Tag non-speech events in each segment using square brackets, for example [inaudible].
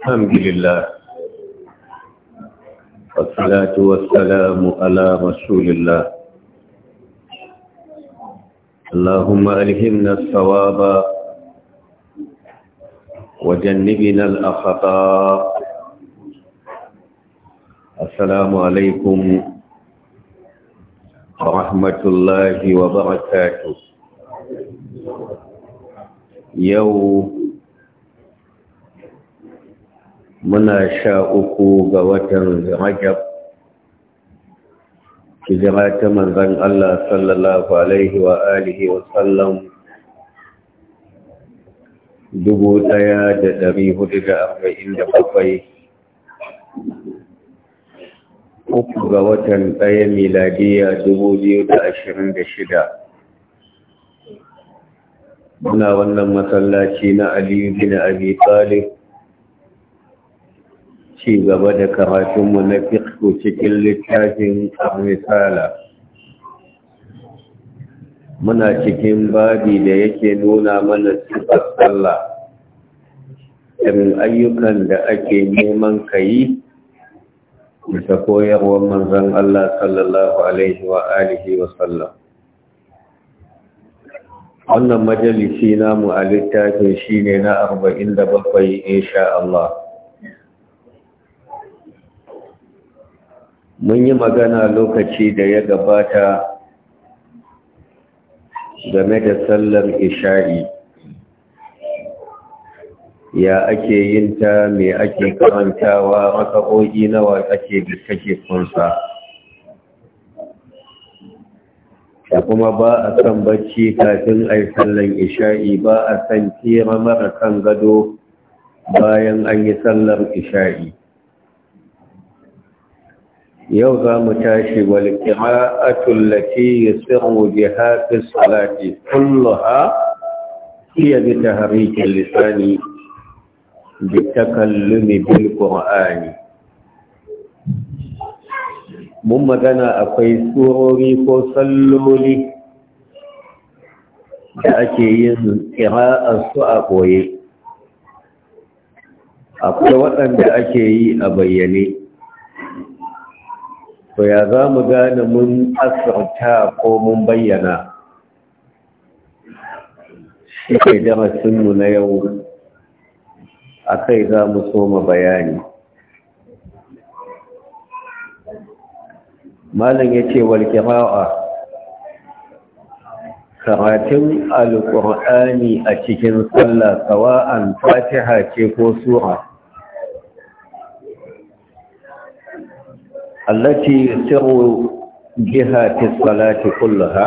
الحمد لله والصلاة والسلام على رسول الله اللهم ألهمنا الصواب وجنبنا الأخطاء السلام عليكم ورحمة الله وبركاته يوم muna sha uku ga watan Rajab jira ta manzon Allah sallallahu alaihi wa alihi wa sallam dubu ɗaya da dari hudu da arba'in da bakwai uku ga watan ɗaya miladiya dubu biyu da ashirin da shida muna wannan masallaci na aliyu bin abi talib ci gaba da karatunmu na fisko cikin littafin misala muna cikin babi da yake nuna mana sifar sallah irin ayyukan da ake neman ka yi bisa koyarwar manzon Allah sallallahu alaihi wa alihi wa sallam wannan majalisi namu a littafin shine na arba'in 47 insha Allah mun yi magana lokaci da ya gabata game da sallar isha'i ya ake yin ta me ake karantawa maka'o'i nawa ake kake kunsa da kuma ba a san bacci kafin a yi sallar isha'i ba a san tira mara kan gado bayan an yi sallar isha'i yau za mu tashi tullaki ya yusirru biha fi salati ha iya bi harikin lisani bi bil mun magana akwai tsorori ko salloli da ake yin a su a ɓoye. akwai waɗanda ake yi a bayyane to ya za mu gane mun asirta ko mun bayyana shi ke darasinmu na yau a kai za mu soma bayani malam ya ce walƙira'a karatun alƙur'ani a cikin sallah sawa'an fatiha ce ko sura التي يسر بها في الصلاة كلها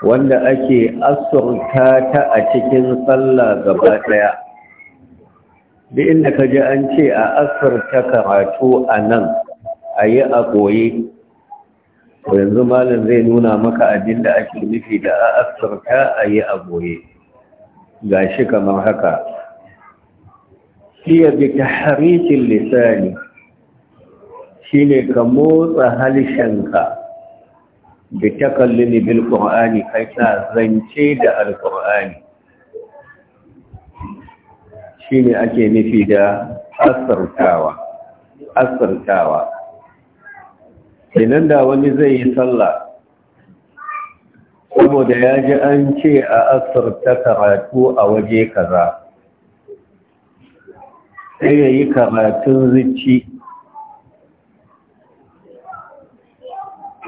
wanda ake asurta ta a cikin sallah gaba ɗaya, duk inda ka ji an ce a asurta karatu a nan a yi a koyi yanzu malam zai nuna maka abin da ake nufi da a asurta a yi a koyi ga shi kamar haka fiye bi taharikin lisani shine ka motsa halishanka bi takallumi bil qur'ani kai ta zance da qur'ani shine ake nufi da asartawa asartawa idan da wani zai yi sallah saboda ya ji an ce a asarta karatu a waje kaza sai ya yi karatun zuci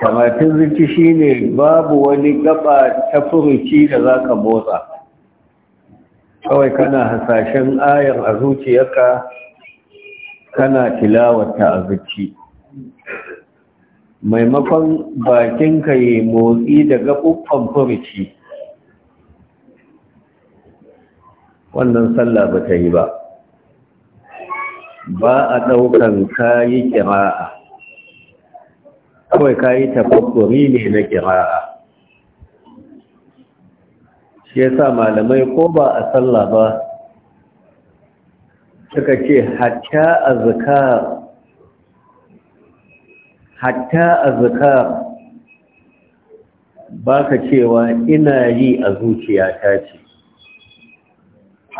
kamatin zuci ne babu wani gaba ta furuci da za ka motsa kawai kana hasashen ayar a zuciyarka kana tilawata a zuci maimakon bakinka yi motsi da gaɓuɓɓen furuci wannan sallah ba ta yi ba ba a ɗaukan kayi kira'a. kawai ka yi tafakkuri ne na kira'a shi ya sa malamai ko ba a sallah ba suka ce hatta a hatta ba ka cewa ina yi a zuciya ta ce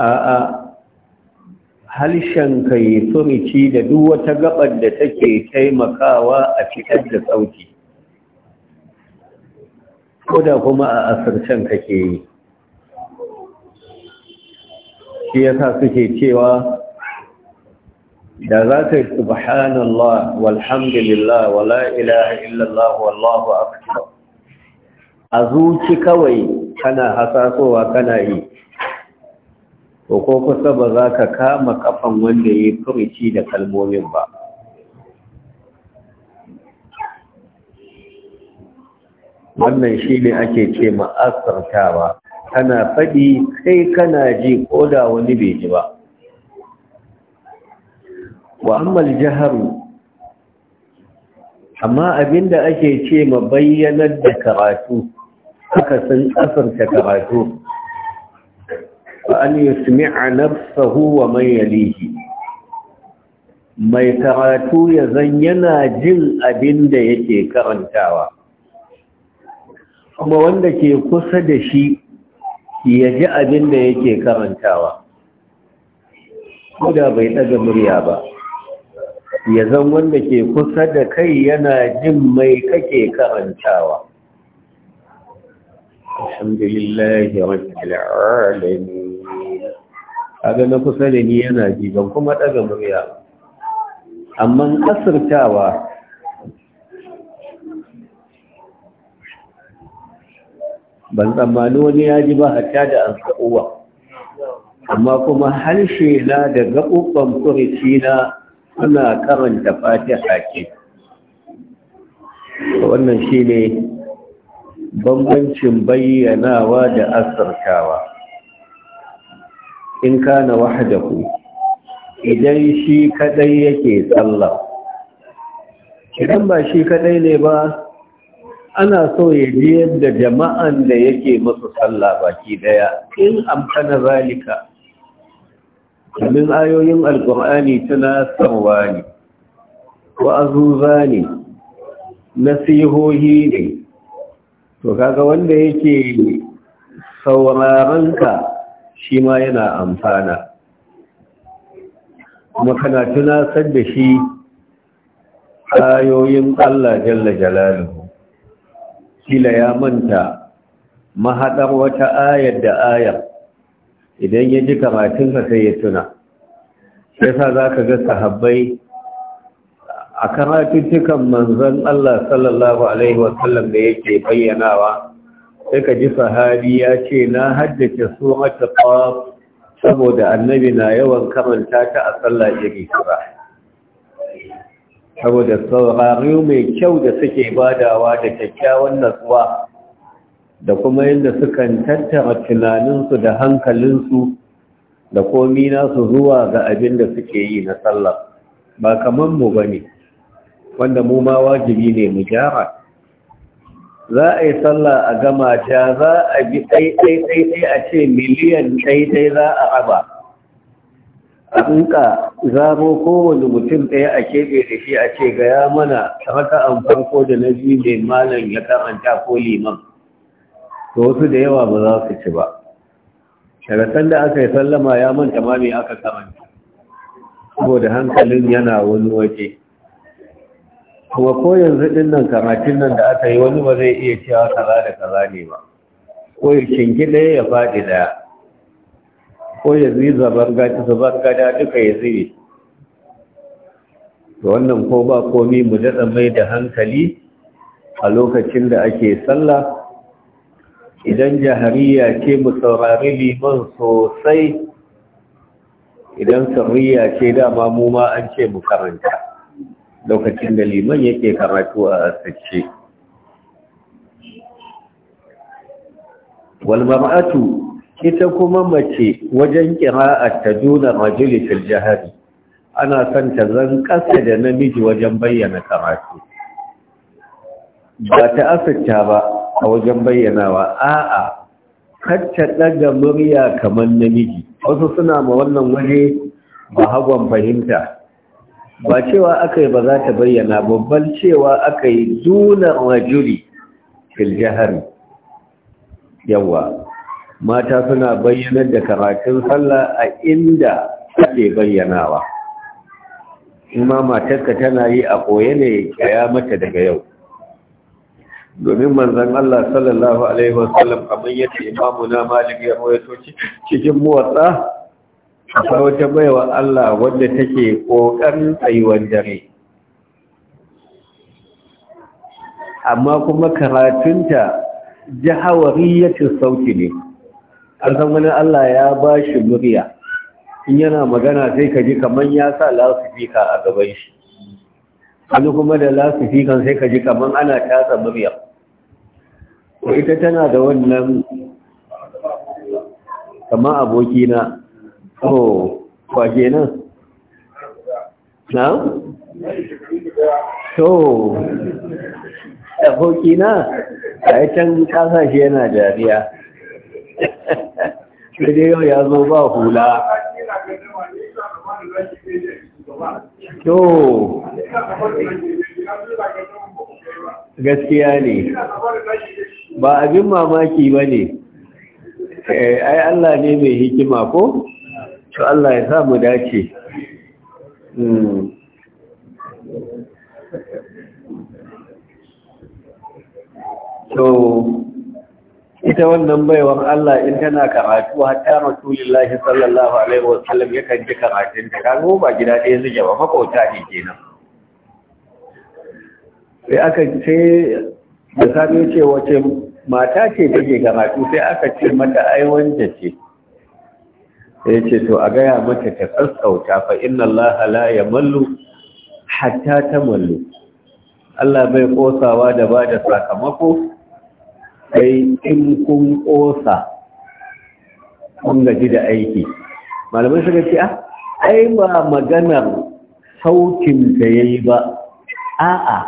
a'a harshenka yi furuci da duk wata gabar da take taimakawa a fitar da sauki. ko da kuma a asirshen kake yi shi yasa suke cewa da za ka yi subhanallah walhamdulillah wala ilaha illallah wallahu akbar a zuci kawai kana hasasowa kana yi ko ko kusa ba za ka kama kafan wanda ya furici da kalmomin ba wannan shi ne ake ce ma'asartawa kana faɗi kai kana ji ko da wani bai ji ba wa ammal Jihar, amma abinda ake ce ma bayyanar da karatu aka san asarta karatu an yasmi'a nafsahu wa man yalihi mai karatu ya zan yana jin abin da yake karantawa kuma wanda ke kusa da shi ya ji abin da yake karantawa ko da bai ɗaga murya ba ya zan wanda ke kusa da kai yana jin mai kake karantawa alhamdulillahi rabbil alamin kaga na kusa da ni yana ji ban kuma daga murya amma kasartawa ban tsammani wani ya ji ba hatta da an amma kuma harshe na da gaɓuɓɓen furici na ana karanta fatiha ke wannan shine bambancin bayyanawa da asirtawa in ka kana ku? idan shi kadai yake tsalla idan ba shi kadai ne ba ana so ya ji yadda jama'an da yake musu tsalla baki daya in amfana zalika domin ayoyin alkur'ani sarwa ne wa'azuza ne nasihohi ne to kaga wanda yake saurarenka shi ma yana amfana kuma kana tunasar da shi ayoyin Allah jalla jalaluhu kila ya manta mahaɗar wata ayar da ayar idan ya ji ka sai ya tuna yasa za ka ga sahabbai a karatuttukan manzon Allah sallallahu Alaihi wasallam da yake bayyanawa sai ji sahabi ya ce na haddace surata qaf saboda annabi na yawan karanta ta a sallah iri kura saboda saurari mai kyau da suke badawa da kyakkyawan natsuwa da kuma yadda sukan tattara tunaninsu da hankalinsu da komi nasu zuwa ga abin da suke yi na sallah ba kamar mu ne, wanda mu ma wajibi ne mu gyara za a yi sallah a gama ta za a bi ɗaiɗaiɗai a ce miliyan ɗaiɗai za a raba a ɗinka zaro kowane mutum ɗaya a keɓe da shi a ce gaya mana raka an farko da na biyu mai malam ya karanta ko liman to wasu da yawa ba za su ci ba daga da aka yi sallama ya manta ma me aka karanta saboda hankalin yana wani waje kuma ko yanzu din nan karatun nan da aka yi wani ba zai iya cewa kaza da kaza ne ba ko ya shinki ya faɗi ɗaya ko ya zai zabar gada duka ya zire da wannan ko ba komi mu daɗa mai da hankali a lokacin da ake sallah idan jahariya ce mu saurari liman sosai idan sirriya ce dama mu ma an ce mu karanta lokacin da liman yake karatu a sace walmar'atu ita kuma mace wajen kira'ar ta duna majalisar jihari ana son ta zan kasa da namiji wajen bayyana karatu ba ta asirta ba a wajen bayyanawa a'a kacce ɗaga murya kamar namiji wasu suna ma wannan waje ba hagon fahimta ba cewa aka yi ba za ta bayyana babban cewa aka yi duna rajuli juri jahari yawa mata suna bayyanar da karatun sallah a inda ake bayyanawa kuma matarka tana yi a koya ne kaya mata daga yau domin manzan Allah sallallahu alaihi wasallam kamar yadda imamu na malik ya cikin muwatsa akwai wata baiwa Allah wadda take ƙoƙarin tsayuwar dare amma kuma karatunta jihawari jahawariyatin sauti ne an san wani Allah ya ba shi murya in yana magana sai ka ji kamar ya sa lasifika a gaban shi wani kuma da lasifikan sai ka ji kamar ana tasa murya ita tana da wannan kama abokina oh kwa kenan na? to aboki na a yi can yana dariya sai dai yau ya zo ba hula to gaskiya ne ba abin mamaki ba ne eh, ai Allah ne mai hikima ko? to Allah ya sa mu dace hmm. to ita wannan baiwar Allah in tana karatu hatta rasulullahi sallallahu alaihi wasallam yakan ji karatun ta kago ba gida ɗaya zuke ba makauta ne kenan sai aka ce da sami ce wace mata ce take karatu sai aka ce mata ai wanda ce ya ce to a gaya mata ta tsaskauta fa inna Allah la ya mallu hatta ta mallu Allah bai kosawa da ba da sakamako sai in kun kosa kun gaji da aiki malamai suka ce ah ai ba maganar saukin ta yayi ba a'a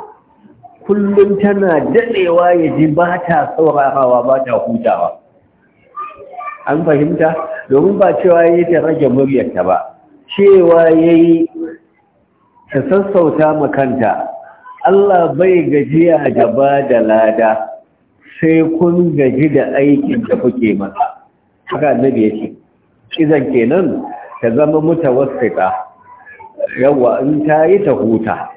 kullum tana dadewa yaji ba ta saurarawa ba ta hutawa an fahimta domin ba cewa ya ta rage muryarta ba cewa ya yi ta sassauta makanta Allah bai gajiya gaba da lada sai kun gaji da aikin da kuke masa haka na ya ce ke kenan ta zama mutawassita yawa in ta yi ta huta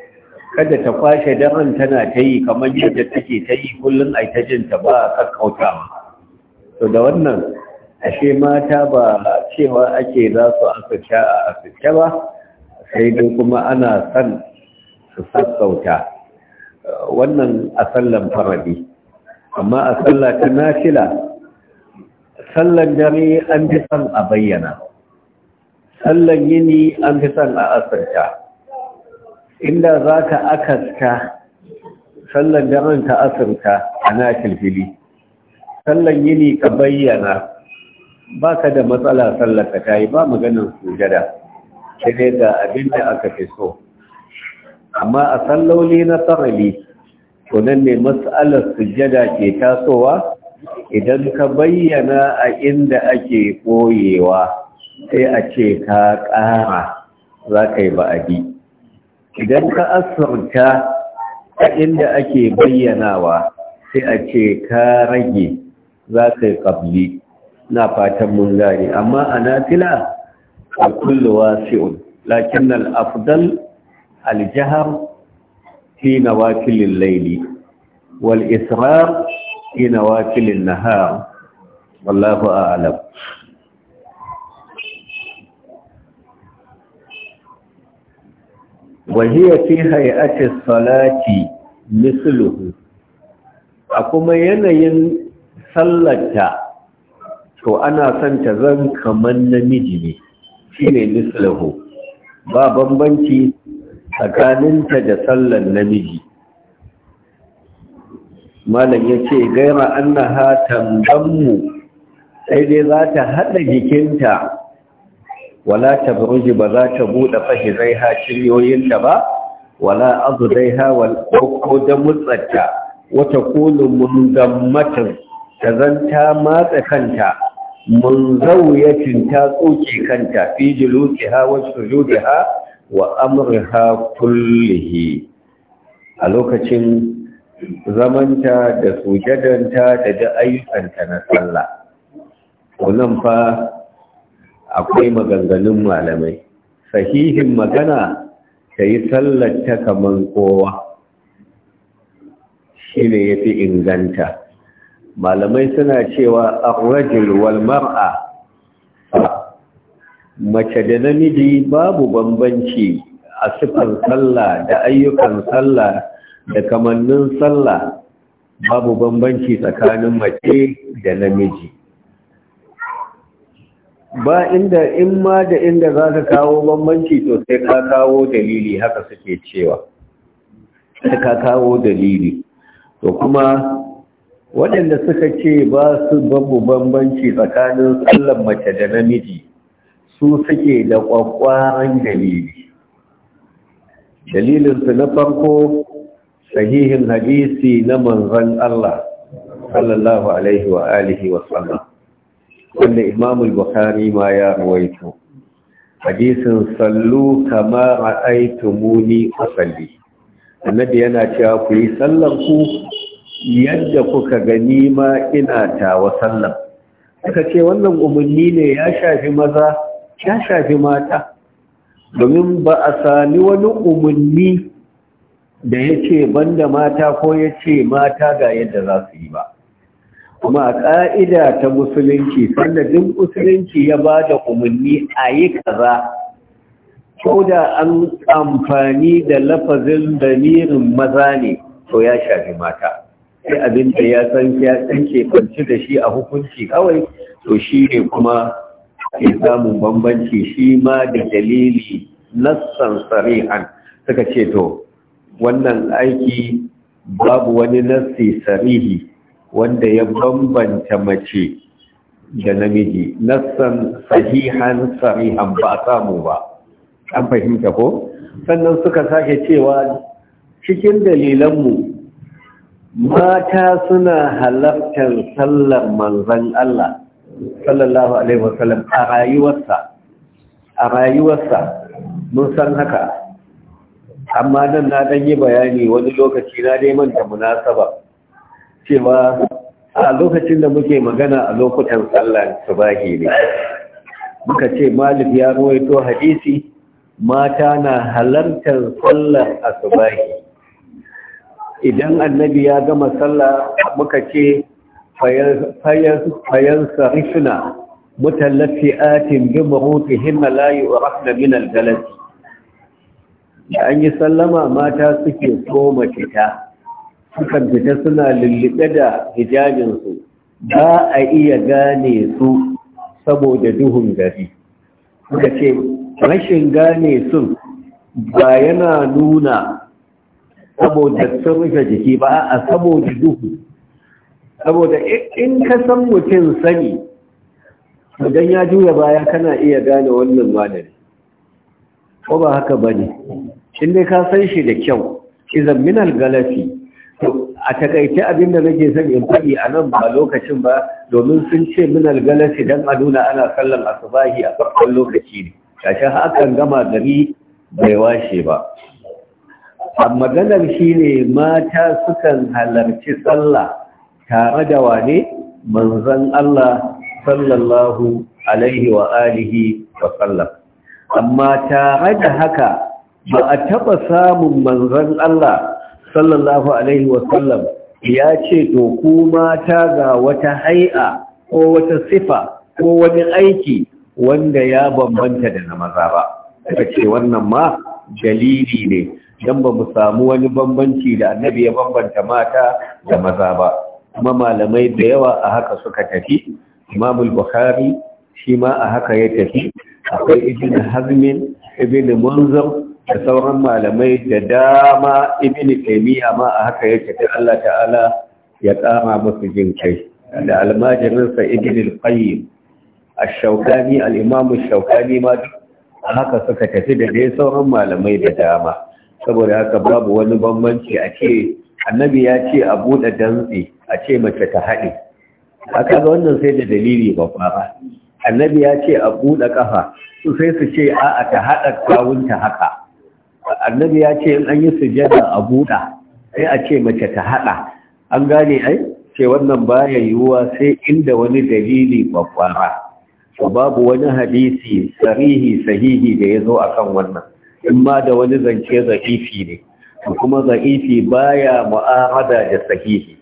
kada ta kwashe daren tana ta yi kamar yadda take ta yi kullum a ta jin ta ba a ba. to da wannan ashe mata ba cewa ake za su asirce a asirce ba sai dai kuma ana son su sassauta wannan a sallan faradi amma a sallah ta nafila sallan dare an fi son a bayyana sallan yini an fi son a asirta inda za ka akasta sallan daren ta asirta a na fili sallan yini ka bayyana ba ka da matsala sallaka ta yi ba maganin sujada shi ne ga abin da aka fi so amma a salloli na tsarali to nan ne matsalar sujada ke tasowa idan ka bayyana a inda ake koyewa sai a ce ka ƙara za ka yi ba'adi idan ka asirta a inda ake bayyanawa sai a ce ka rage za ka yi ƙabli na fatan mun gane amma a nafila a kullu wasi'un lakin al-afdal al-jahr fi nawafil al-layli wal israr fi nawafil an-nahar wallahu a'lam fi في salati, الصلاة A kuma yanayin sallata. to ana son ta zan kaman namiji ne shi ne mislahu ba bambanci tsakaninta da sallan namiji malam ya ce gaira an na annaha tambanmu sai dai za ta haɗa jikinta wala ta buruji ba za ta buɗe zai ha ba wala azu zai ha ko da mutsatta wata kulun mun ta zanta matsa kanta Mun zauya ta tsoke kanta fi julusiha wa sujudiha wa amriha kullihi a lokacin zamanta da sujadanta da da ayyukanta na sallah kunan fa akwai maganganun malamai sahihin magana ta yi sallar ta kaman kowa shi ne ya fi inganta malamai suna cewa arrajul wal mar'a mace da namiji babu bambanci a sifar sallah da ayyukan sallah da kamannin sallah babu bambanci tsakanin mace da namiji ba inda in ma da inda za ka kawo bambanci to sai ka kawo dalili haka suke cewa sai ka kawo dalili to kuma waɗanda suka ce ba su babu bambanci tsakanin tsallon mace da namiji su suke da ƙwaƙwaran dalili dalilinsu na farko sahihin hadisi na manzan Allah sallallahu alaihi wa alihi wa sallam wanda Imamul bukhari ma ya ruwaito hadisin sallu kama a usalli annabi yana cewa ku yi sallan ku yadda kuka gani ma ina tawa sallan aka ce wannan umarni ne ya shafi maza ya shafi mata domin ba a sami wani umarni da ya ce banda mata ko ya ce mata ga yadda za su yi ba kuma ƙa'ida ta musulunci sanadin musulunci ya ba da umarni a yi kaza ko da an amfani da lafazin damirin maza ne to ya shafi mata sai abin da ya san ya tsanke kwanci da shi a hukunci kawai to shi ne kuma ke samun bambanci shi ma da dalili nassan sarihan suka ce to wannan aiki babu wani nassi sarihi wanda ya bambanta mace da namiji nassan sahihan sarihan ba a samu ba an fahimta ko sannan suka sake cewa cikin dalilanmu mata suna halartar sallar manzan Allah sallallahu alaihi wasallam a rayuwarsa a rayuwarsa mun san haka amma nan na dan yi bayani wani lokaci na dai manta munasaba cewa a lokacin da muke magana a lokutan sallar subahi ne muka ce malik ya ruwaito hadisi mata na halartar sallar asubahi idan annabi ya gama sallah muka ce fayan sarifina mutallafi atin bi marufi himma layi wa rafna min algalati da an yi sallama mata suke koma fita sukan fita suna lullube da hijabinsu ba a iya gane su saboda duhun gari suka ce rashin gane sun ba yana nuna saboda sun rufe jiki ba a saboda duhu saboda in ka san mutum sani idan ya juya baya kana iya gane wannan madari ko ba haka ba ne in dai ka san shi da kyau izan minal galafi a takaice abin da nake son in faɗi a nan ba lokacin ba domin sun ce minal galafi don a nuna ana sallan asubahi a farkon lokaci ne kashin hakan gama gari bai washe ba a maganar shi ne mata sukan halarci sallah tare da wane manzan Allah sallallahu alaihi wa alihi wa sallam amma tare da haka ba a taɓa samun manzan Allah sallallahu alaihi wa sallam ya ce to ku mata ga wata hai'a ko wata sifa ko wani aiki wanda ya bambanta da na maza ba. Aka ce wannan ma dalili ne dan ba mu samu wani bambanci da annabi ya bambanta mata da maza ba kuma malamai da yawa a haka suka tafi Imam al-Bukhari shi ma a haka ya tafi akwai Ibn hazmin, Ibn Munzir da sauran malamai da dama Ibn Taymiyyah ma a haka ya tafi Allah ta'ala ya kama musu jin kai da almajirinsa Ibn al-Qayyim al-Shawkani al-Imam al-Shawkani ma a haka suka tafi da dai sauran malamai da dama saboda haka babu wani bambanci a ce annabi ya ce a buɗe dantse a ce mace ta haɗe A ga wannan sai da dalili babba ba annabi ya ce a buɗe ƙafa su sai su ce a'a ta haɗa kawunta haka annabi ya ce in an yi sujada a buɗa sai a ce mace ta haɗa an gane ai ce wannan baya yiwuwa sai inda wani dalili babba babu wani hadisi sarihi sahihi da ya zo akan wannan in ma da wani zance za'ifi ne kuma za'ifi baya mu'ahada da sahihi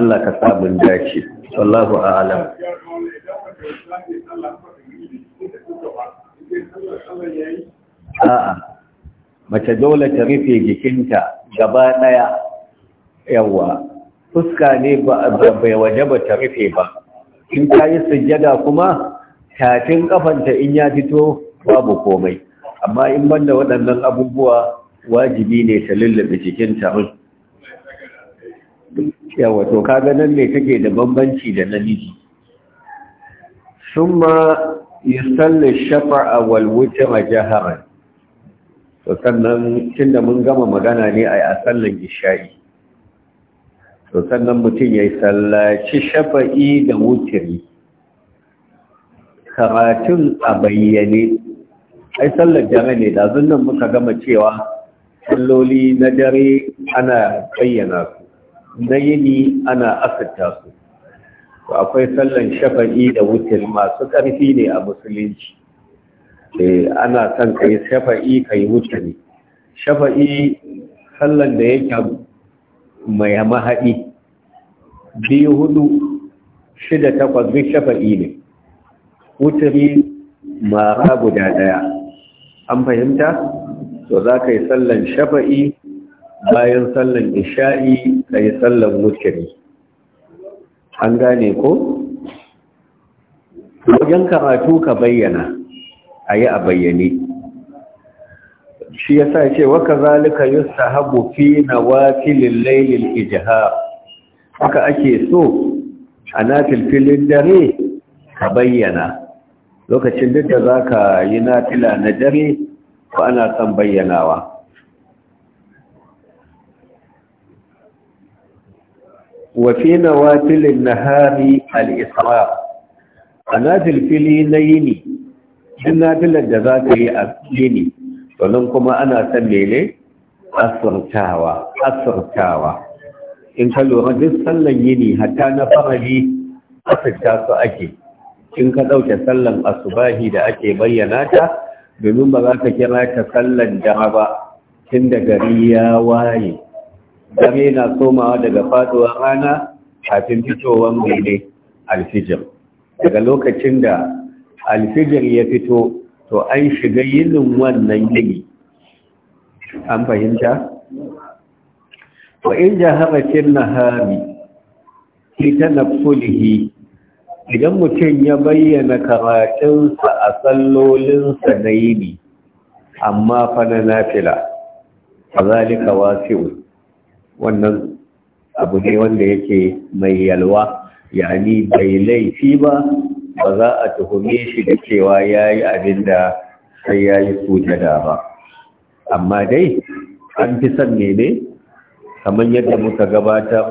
Allah ka sabon dace wallahu a'lam a'a mace dole ta rufe jikinta gaba daya yawa fuska ne ba bai waje ba ta rufe ba in ta yi sujjada kuma tafin kafanta in ya fito babu komai amma in banda waɗannan abubuwa wajibi ne ta lullube cikin taron yawa to kaga nan ne take da bambanci da namiji summa yusalli shafa'a wal jihar jaharan to sannan da mun gama magana ne a yi a sallan gishayi to sannan mutum ya yi sallaci shafa'i da wutiri karatun a bayyane ai sallar dare ne da nan muka gama cewa salloli na dare ana bayyana su na yini ana asirta su to akwai sallan shafa'i da wutar masu ƙarfi ne a musulunci e ana son ka yi shafa'i ka yi wutari shafa'i sallan da yake mai mahaɗi biyu hudu shida takwas duk shafa'i ne wutari mara guda ɗaya an fahimta to za ka yi sallan shafa'i bayan sallan isha'i ka yi sallan wuturi an gane ko? wajen karatu ka bayyana a yi a bayyane shi ya sa ce waka zalika yusta habu fi na wafilin lailin ijihar haka ake so a na filfilin dare ka bayyana lokacin duk da za ka yi nafila na dare ko ana son bayyanawa wafi na wafilin na hari al'isra a na filfili na yini na nafilar da za ka yi a yini domin kuma ana son mene asirtawa asirtawa in ka lura duk sallan yini hatta na farari asirta su ake in ka ɗauke sallan asubahi da ake bayyana ta domin ba za ka kira ta sallan dama ba tun da gari ya waye gari na somawa daga faduwar rana kafin fitowar mene alfijir daga lokacin da alfijir ya fito to an shiga yinin wannan gini, an fahimta wa in jahabatin hari ita na fulihi idan mutum ya bayyana karatunsa a tsallolinsa na yini amma fa na nafila a zalika wasi'u wannan abu ne wanda yake mai yalwa yani bai laifi ba ba za a tuhume shi da cewa ya yi abin da sai ya yi sujada ba amma dai an fi son ne ne kamar yadda muka gabata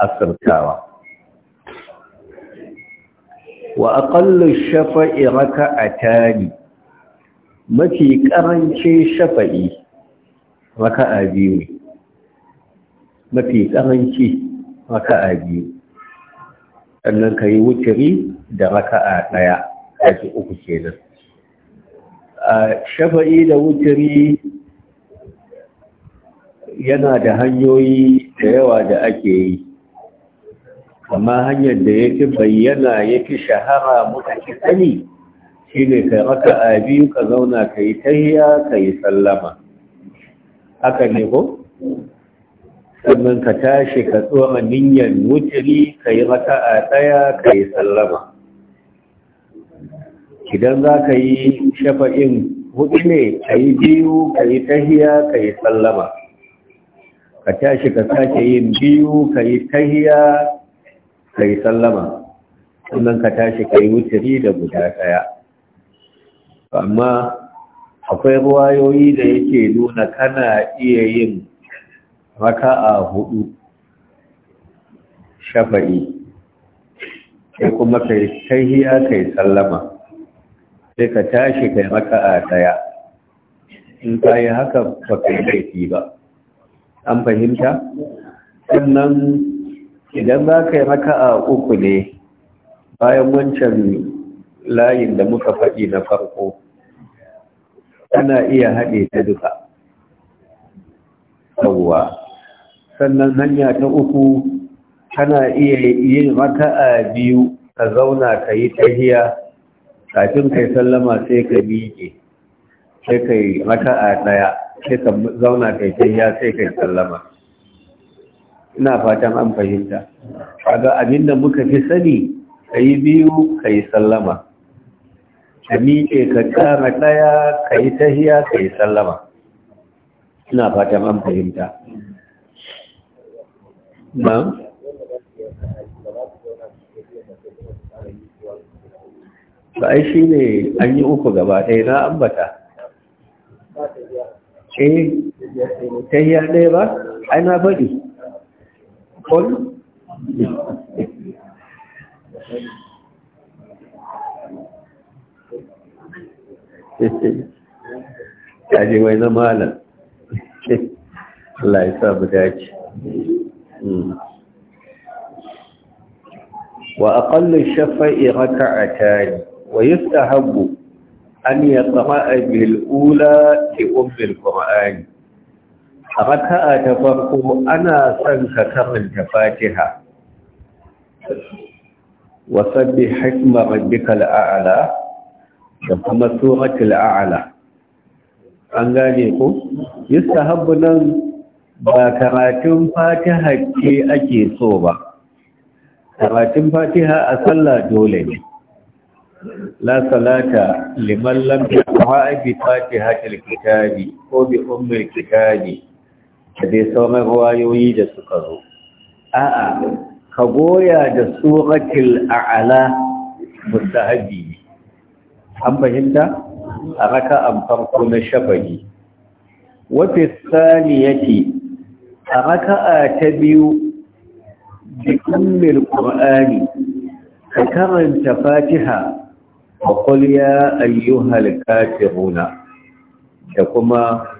asirtawa wa aqallu shafa'i raka'atani mafi karancin shafa'i raka'a biyu mafi karanci raka'a biyu sannan ka yi wuturi da raka'a ɗaya ƙashi uku kenan a shafa'i da wuturi yana da hanyoyi da yawa da ake yi amma hanyar da ya fi bayyana ya fi shahara muka ki sani shi ne kai raka a biyu ka zauna ka yi tahiya ka yi sallama haka ne ko? sannan ka tashi ka tsoma niyyar wuturi ka yi raka a ɗaya ka yi sallama idan za ka yi shafa'in hudu ne ka yi biyu ka yi tahiya ka yi sallama ka tashi ka sake yin biyu ka yi tahiya Kai yi sallama sannan ka tashi ka yi wuturi da guda ɗaya amma akwai ruwayoyi da yake nuna kana iya yin raka'a hudu shafa'i sai kuma kai tahiya kai sallama sai ka tashi kai raka'a daya in ka yi haka ba kai laifi ba an fahimta sannan idan za ka yi raka'a uku ne bayan wancan layin da muka faɗi na farko ana iya haɗe ta duka yawwa sannan hanya ta uku kana iya yin raka'a biyu ka zauna ka yi tahiya kafin kai sallama sai ka miƙe sai kai raka'a ɗaya sai ka zauna kai tahiya sai kai sallama ina fatan an fahimta kaga abinda muka fi sani kai biyu kai sallama ka miƙe ka kama ɗaya kai tahiya kai sallama ina fatan an fahimta na'am ba ai shi ne an yi uku gaba ɗaya na ambata eh ta yi ɗaya ba ai na faɗi قل كاجي وين مالا الله يسامحك وأقل الشفاء ركعتان ويستحب أن يقرأ بالأولى في أم القرآن a raka'a ta farko ana son ka karanta fatiha wa sabbi hikma rabbikal a'la da kuma suratul a'la an gane ko yustahabbu nan ba karatun fatiha ce ake so ba karatun fatiha a sallah dole ne la salata liman lam yaqra'a bi fatihatil kitabi ko bi ummil kitabi da dai sauran ruwayoyi da suka zo a'a ka goya da a a'la mustahabi an fahimta a raka farko na shabari. Wata tsari yake, a raka a ta biyu jikin mil ƙur'ani, ka karanta fatiha a qul ayyuhal kafiruna da kuma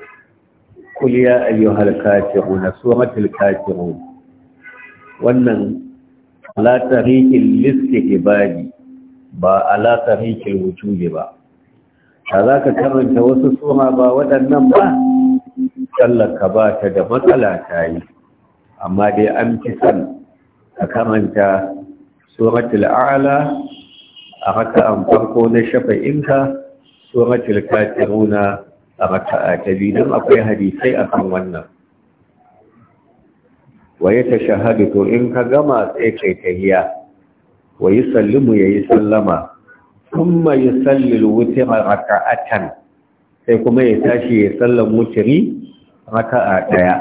قل ayyuhal أيها na suratul kafiru wannan ala tariqil ibadi, ba ala tariqil wujubi ba da zaka karanta wasu sura ba waɗannan ba sallar ka ba ta da matsala ta yi amma dai an fi san ka karanta suratul a'la a raka'an farko na shafa'inka suratul kafiruna a raka'a ta biyu don akwai hadisai a kan wannan Waye ta tashahadu to in ka gama sai kai tahiya sallimu ya yayi sallama thumma wuce a raka'atan sai kuma ya tashi ya sallan wutri raka'a ɗaya.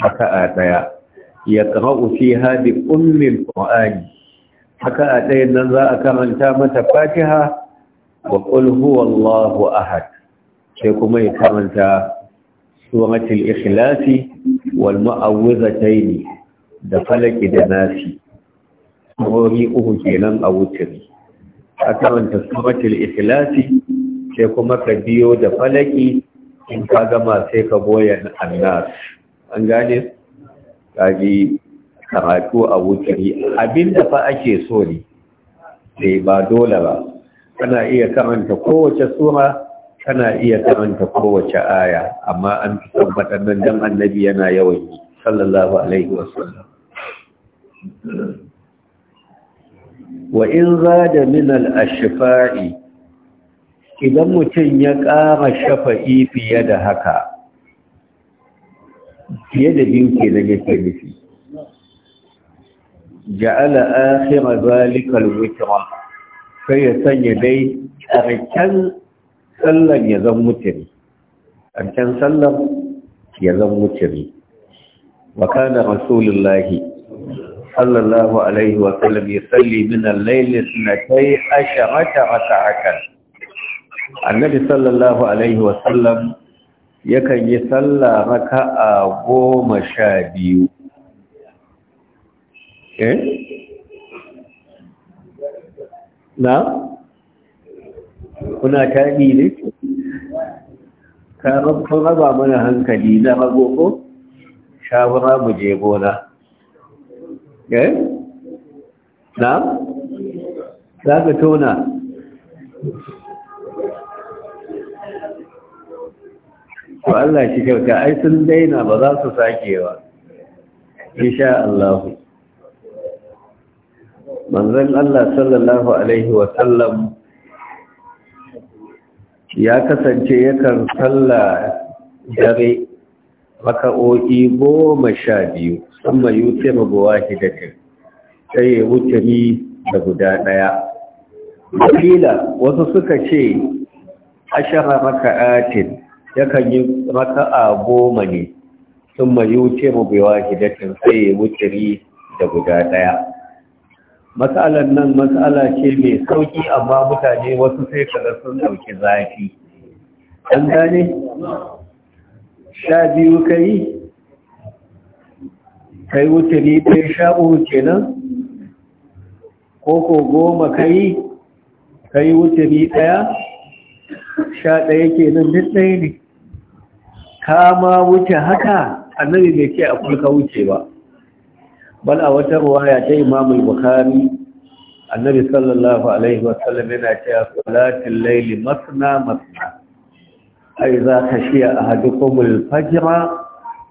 raka'a daya ya qara'u fiha bi ummil qur'ani raka'a ɗaya nan za a karanta mata fatiha wa qul ahad sai kuma ya karanta suratul ikhlasi wal mu'awwizataini da falaki da nasi surori uku kenan a wutiri a karanta suratul ikhlasi sai kuma ka biyo da falaki in ka gama sai ka goya annas an gane kaji karatu a wutiri abinda fa ake so ne sai eh, ba dole ba kana iya karanta kowace sura kana iya karanta kowace aya amma an fi son waɗannan dan annabi yana yawan yi sallallahu alaihi wasallam wa in zada min al-ashfa'i idan mutum ya ƙara shafa'i fiye da haka fiye da biyu ke da yake nufi ja'ala akhira zalikal witra sai ya sanya dai ƙarshen Sallan ya zan mutiri ƙarshen sallar ya zan mutiri wa kana lahi sallallahu alaihi wa sallam ya salli min al-layli sunnatay a raka'atan annabi sallallahu alaihi wa sallam yakan yi raka a goma sha biyu eh na kuna taɗi ne ka raba mana hankali na ragoko. ko shawara mu je gona eh na za ka tona to Allah shi kyauta ai sun daina ba za su sakewa insha Allah manzon Allah sallallahu alaihi wa sallam ya kasance yakan salla dare raka'o'i goma sha biyu amma yutiru bi wahidatin sai ya wuce ni da guda daya kila wasu suka ce ashara raka'atin yakan yi raka'a goma ne sun mai wuce mu bai wahidatin sai ya wuce da guda daya matsalar nan matsala ce mai sauki amma mutane wasu sai kada sun dauki zafi an gane sha biyu kai kai wuturi ɗaya sha uku kenan koko goma kai kai wuturi ɗaya sha ɗaya kenan duk ɗaya ne kama wuce haka annabi bai ce a kulka wuce ba bal a wata ruwaya ta imamu bukhari annabi sallallahu alaihi wa sallam yana cewa salatul layli masna masna ai za ka shiya ahadukum al-fajr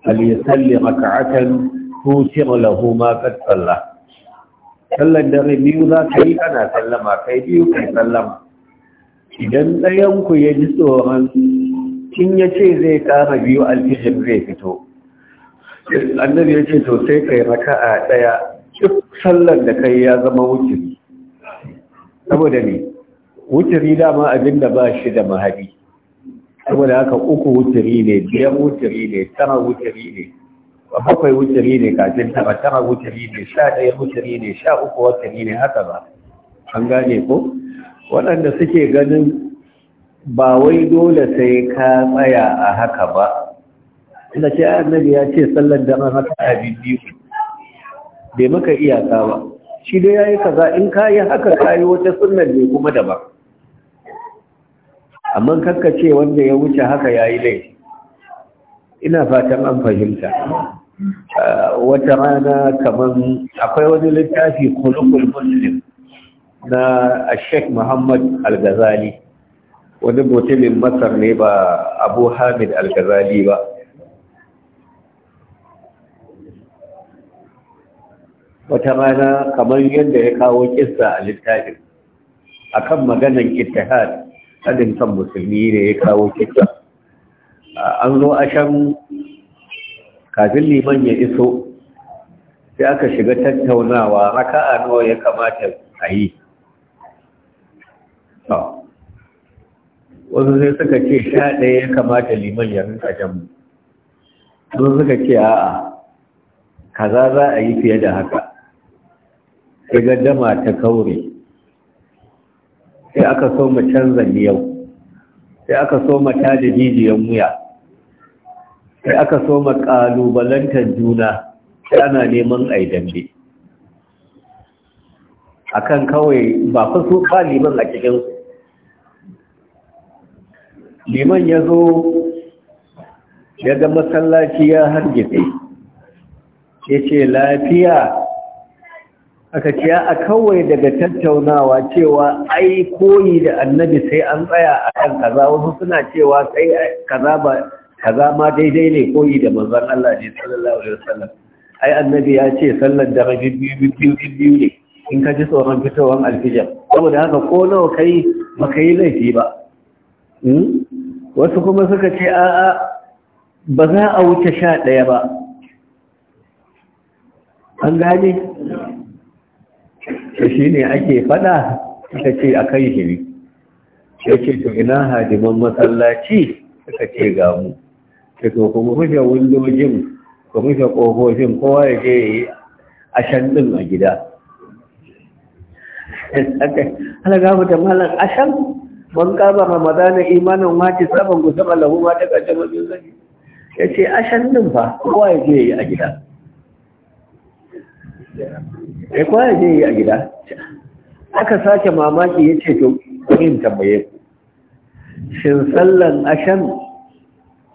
falyasalli rak'atan tutir lahu ma qad salla sallan dare biyu za ka yi kana sallama kai biyu kai sallama idan ɗayan ku ya ji tsoron kin ya ce zai kama biyu alfijir zai fito annabi ya ce to sai kai raka'a daya duk sallar da kai ya zama wuturi saboda ne wuturi dama abin da ba shi da mahadi saboda haka uku wuturi ne biyar wuturi ne tara wuturi ne bakwai wuturi ne kafin tara tara wuturi ne sha ɗaya wuturi ne sha uku wuturi ne haka ba an gane ko waɗanda suke ganin ba wai dole sai ka tsaya a haka ba inda shi annabi ya ce sallar da ma haka abin biyu bai maka iyaka ba shi dai yayi kaza in kayi haka kayi wata sunnar ne kuma daban amma kanka ce wanda ya wuce haka yayi dai, ina fatan an fahimta uh, wata rana kamar akwai wani littafi kulukul muslim na sheikh muhammad al-ghazali wani botulin masar ne ba abu hamid al-ghazali ba wata rana kamar yadda ya kawo kissa a littafin akan maganan kittahar hadin kan musulmi ne ya kawo kissa an zo a shan kafin liman ya iso sai aka shiga tattaunawa raka'a nawa ya kamata a yi wasu sai suka ce sha ɗaya ya kamata liman ya rinka jan sun suka ce a'a kaza za a yi fiye da haka sai gaddama ta kaure sai aka so mu canza miyau sai aka so mu tada jijiyan muya, sai aka so mu kalubalantar juna sai ana neman aidambe akan kawai ba fa so kaliman a cikin liman ya zo ya ga masallaci ya hargitse ya ce lafiya aka ce a kawai daga tattaunawa cewa ai koyi da annabi sai an tsaya a kan kaza wasu suna cewa sai kaza ba kaza ma daidai ne koyi da manzon Allah ne sallallahu alaihi wasallam ai annabi ya ce sallar da rabi biyu biyu biyu ne in ka ji tsoron fitowar alfijar saboda haka ko nawa kai baka yi laifi ba hmm? wasu kuma suka ce a'a ba za a wuce sha ɗaya ba an gane to shi ne ake fada ta ce a kan shi ne ya ce to ina hadiman matsalaci suka ce ga mu ta to kuma rufe windojin Ko rufe ƙofofin kowa ya ce yi a shan ɗin a gida ana gama ta malar shan? ban kaba ramadana imanin mati saban gusa lahu ma ta ƙarshe mafi zai ya ce shan ɗin fa kowa ya ce yi a gida ya kwaya je yi a gida aka sake mamaki ya ce to yin tambaye ku shin sallan ashan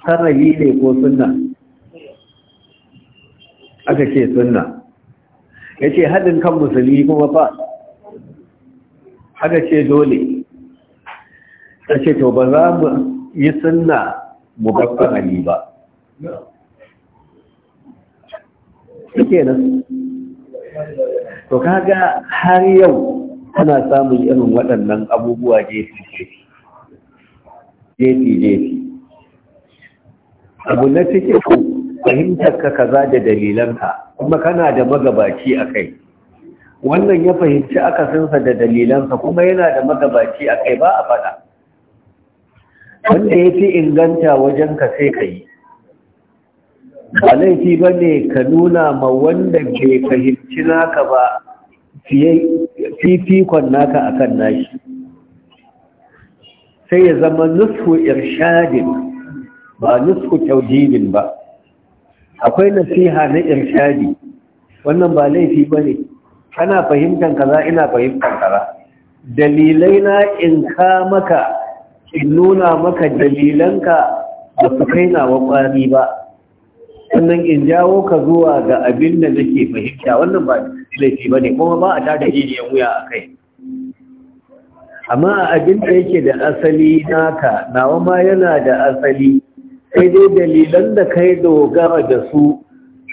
sarari ne ko sunna aka ce sunna ya ce haɗin kan musulmi kuma fa aka ce dole ta ce to ba za mu yi sunna mu bakon ba ke nan to kaga har yau ana samun irin waɗannan abubuwa jefi-jefi jefi-jefi abu na cikin ka kaza da dalilanka kuma kana da magabaci a kai wannan ya fahimci akasinsa da dalilansa kuma yana da magabaci a kai ba a faɗa wanda ya fi inganta wajenka sai ka yi ba laifi ba ne ka nuna ma wanda ke fahimci naka ba fifikon naka akan nashi sai ya zama nusku irshadin ba nusku taujibin ba akwai nasiha na irshadi wannan ba laifi ba ne kana fahimtar kaza ina fahimtar kaza dalilai na in ka maka in nuna maka dalilanka ba su kai na wa ƙwari ba sannan in jawo ka zuwa ga abin da nake fahimta wannan ba laifi ba ne kuma ba a tada jiniyan wuya a kai amma abin da yake da asali naka nawa ma yana da asali sai dai dalilan da kai dogara da su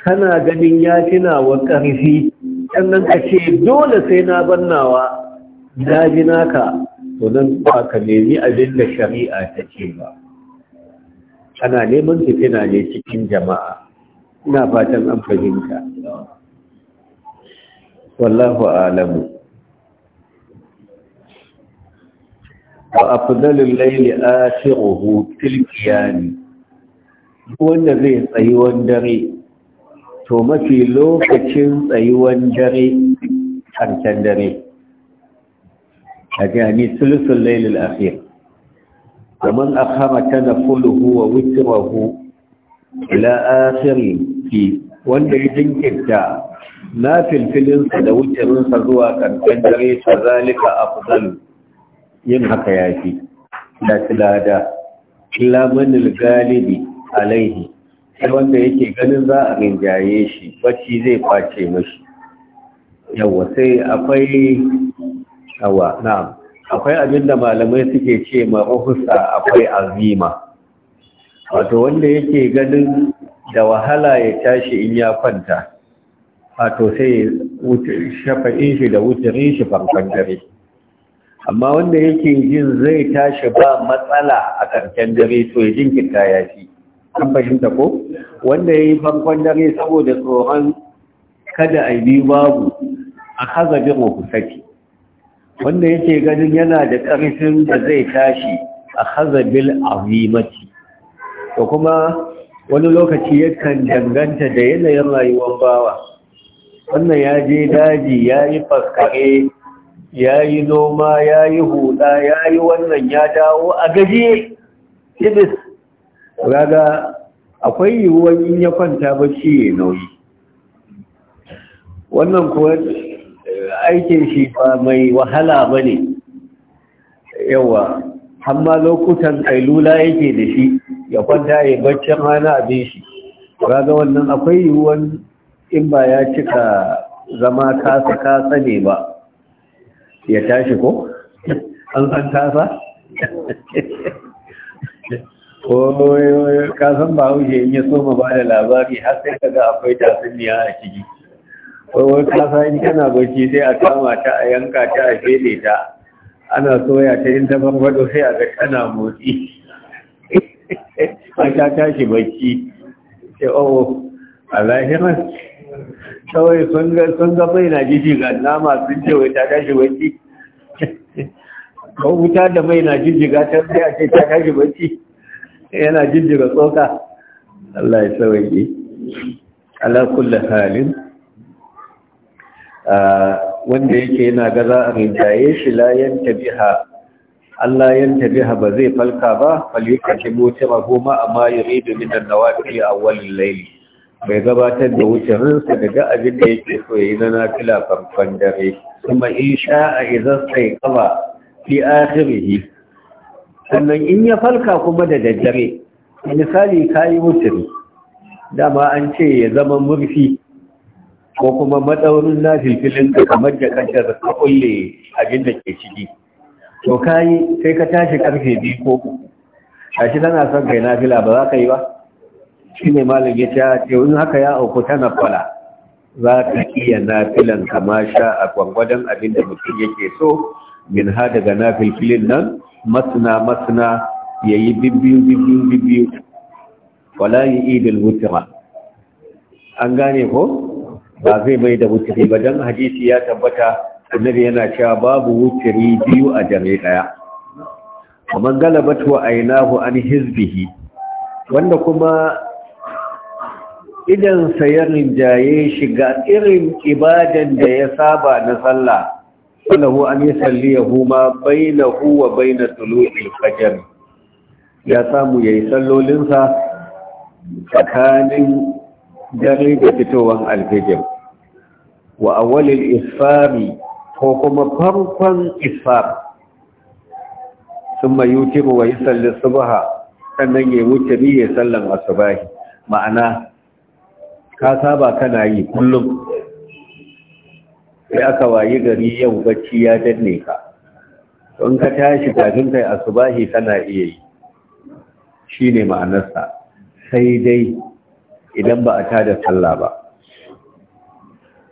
kana ganin ya tuna wa ƙarfi sannan ka ce dole sai na bannawa na ji naka to nan ba ka nemi abin da shari'a ta ce ba ana neman fitina ne cikin jama'a ina fatan an fahimta wallahu alamu wa afdalul layli ashiruhu tilkiyani wanda zai tsayuwan dare to mafi lokacin tsayuwan dare karshen dare a gani sulusul laylil akhir kaman akhama tanafuluhu wa witrahu ila ki. fi wanda ya jinkirta na filfilinsa da wucinsa zuwa ƙarfin dare ta zalika afdal yin haka yafi da tilada illa manil galibi alaihi sai wanda yake ganin za a rinjaye shi bacci zai kwace mashi yawa sai akwai awa akwai abinda malamai suke ce ma ohusa akwai azima wato wanda yake ganin da wahala ya tashi in ya kwanta wato sai shafa'in shi da wutarin shi farkon dare amma wanda yake jin zai tashi ba matsala a karken dare to ya jinkirta ya shi, an fahimta ko wanda ya yi farkon dare saboda tsoron kada a yi babu a haza bin wakusaki wanda yake ganin yana da ƙarfin da zai tashi a haza bil azimati da kuma wani lokaci yakan danganta da yanayin rayuwar bawa wannan ya je daji ya yi faskare ya yi noma ya yi huda ya yi wannan ya dawo a gaji. ibis raga akwai yiwuwar in ya kwanta shi ya nauyi wannan kuwa eh, aikin shi ba mai wahala ba ne yawa amma lokutan kailula yake da shi ya kwanta ya baccin hana abin shi raga wannan akwai yiwuwan in ba ya cika zama kasa kasa ne ba ya tashi ko an san kasa kasan ba haushe in ya soma ba da labari har sai ga akwai ya a ciki wai kasa in kana bacci sai a kama ta a yanka ta a fere ta ana soya ta in ta farfado sai a ga tana motsi a ta tashi bacci ce oh, oh a lahiran kawai sun ga bai na jiji ga nama sun ce wai ta tashi bacci ko wuta da mai na ga ta sai a ce ta tashi bacci yana ga tsoka Allah ya sauke ala kulli halin ah, wanda yake yana ga za a rinjaye shi la yanta biha Allah yan tabiha ba zai falka ba falyuka shi wuce mahoma amma ya rido min da nawafil a walin laili bai gabatar da wucinsa daga abin da yake so yayi na nafila farkon dare kuma in a idan sai kaba fi akhirih sannan in ya falka kuma da daddare misali kayi wucin dama an ce ya zama murfi ko kuma matsaurin na filfilin kamar da kashar ka kulle abin da ke ciki to kayi sai ka tashi karfe biyu ko uku a tana son kai nafila ba za ka yi ba shi ne malam ya ce ce ah, in haka ya auku tana fala za ka iya nafilan kama sha a gwangwadon abin da mutum yake so min ha daga nafilfilin nan masana masana ya yi bibbiyu bibbiyu bibbiyu wala yi idil wutura an gane ko ba zai mai da wuturi ba don hadisi ya tabbata annabi yana cewa babu wutiri biyu a jami daya kuma galabatu wa ainahu an hizbihi wanda kuma idan ya rinjaye shiga irin ibadan da ya saba na sallah falahu an yi salliyahu bainahu wa baina tulu'il fajr ya samu yayi sallolinsa tsakanin dare da fitowar alfijir wa awwalil isfari ko kuma farkon isfar sun mai yuki ruwa yi salli subaha sannan ya wuce ni ya sallan asubahi ma'ana ka saba kana yi kullum sai aka wayi gari yau bacci ya danne ka in ka tashi kafin kai asubahi kana iya yi shine ma'anarsa sai dai idan ba a tada sallah ba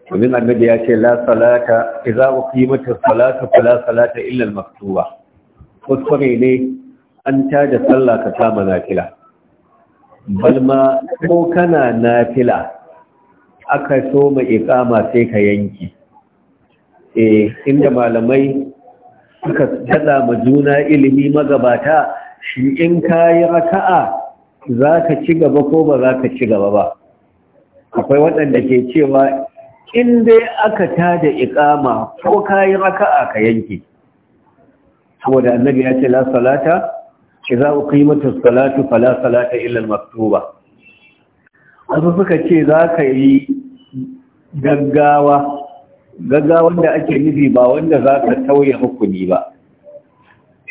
domin annabi ya ce la salata idza uqimatis salata fala salata illa al-maktuba kuskure ne an tada sallah ka kama nafila balma ko kana nafila aka so ma iqama sai ka yanki eh inda malamai suka tada ma juna ilimi magabata shi in kai raka'a zaka ci gaba ko ba zaka ci gaba ba akwai waɗanda ke cewa in dai aka tada iƙama, ko kayi raka'a ka yanke saboda annabi ya ce la salata yi mata salatu fa salata illa al-maktuba wasu suka ce za ka yi gaggawa gaggawa da ake nufi ba wanda za ka tauye hukuni ba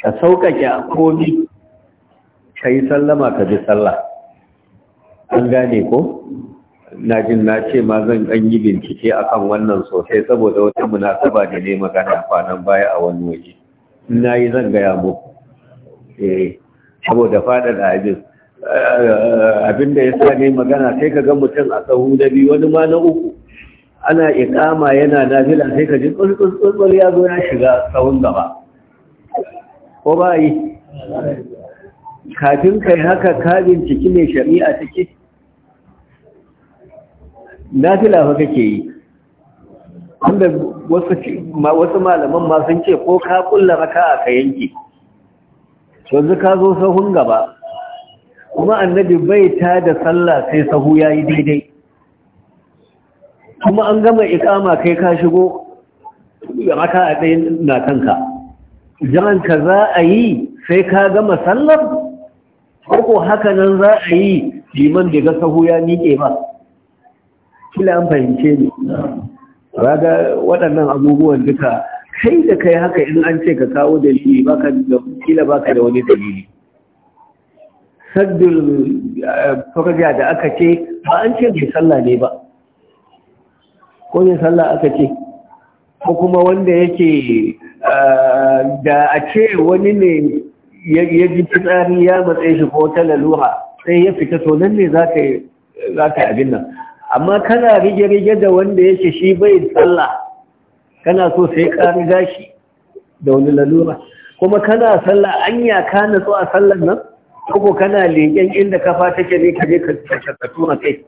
ka sauƙaƙe a komi ka yi sallama ka ji sallah an gane ko na jin na ce ma zan ɗan yi bincike akan wannan sosai saboda wata munasaba da ne magana kwanan baya a wani waje na yi zan gaya muku eh saboda da abin eh, abin da ya sa ne magana sai ka ga mutum a sahu da biyu wani ma na uku ana ikama yana nafila sai ka ji tsurtsurtsur ya zo ya shiga sahun gaba ko ba yi kafin kai haka ka ciki mai shari'a ciki. nafila fa kake yi wanda wasu malaman ma sun ce ko ka kulla a ka yanki yanzu ka zo sahun gaba kuma annabi bai ta da sallah sai sahu ya yayi daidai kuma an gama ikama kai ka shigo raka ɗaya na kanka jiran ka za a yi sai ka gama sallar ko haka nan za a yi liman daga sahu ya miƙe ba kila an fahimce ni raga waɗannan abubuwan duka kai da kai haka in an ce ka kawo da shi, baka da kila baka da wani dalili saddul eh, farja da aka ce ba an ce mai sallah ne ba ko mai sallah aka ce ko kuma wanda yake eh, da a ce wani ne ya ji fitsari ya matsayi shi ko ta laluha sai ya fita to nan ne za ka yi abin nan amma kana rige-rige da wanda yake shi bai sallah kana so sai ka riga da wani lalura kuma kana sallah anya kana natsu a sallar nan ko kana leƙen inda kafa take ne ka je ka shakatu a kai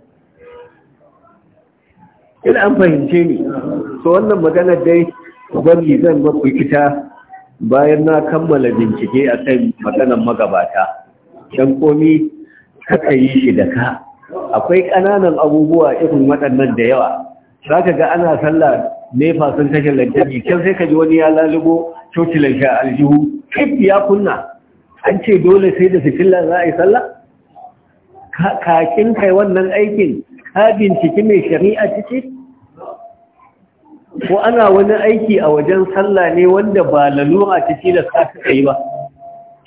ina an fahimce ni so wannan magana dai gwamnati zan ba ita bayan na kammala bincike a kan maganan magabata can komi kaka yi shi da ka akwai ƙananan abubuwa irin waɗannan da yawa za ka ga ana sallah nefa sun kashe lantarki kyan sai ka ji wani ya lalubo lantarki a aljihu kif ya kunna an ce dole sai da Sifila za a yi sallah kakin kai wannan aikin ka binciki mai shari'a ciki ko ana wani aiki a wajen sallah ne wanda ba lalura ciki da sa ka yi ba